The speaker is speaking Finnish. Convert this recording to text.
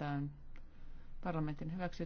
tämän Parlamentin hyväksi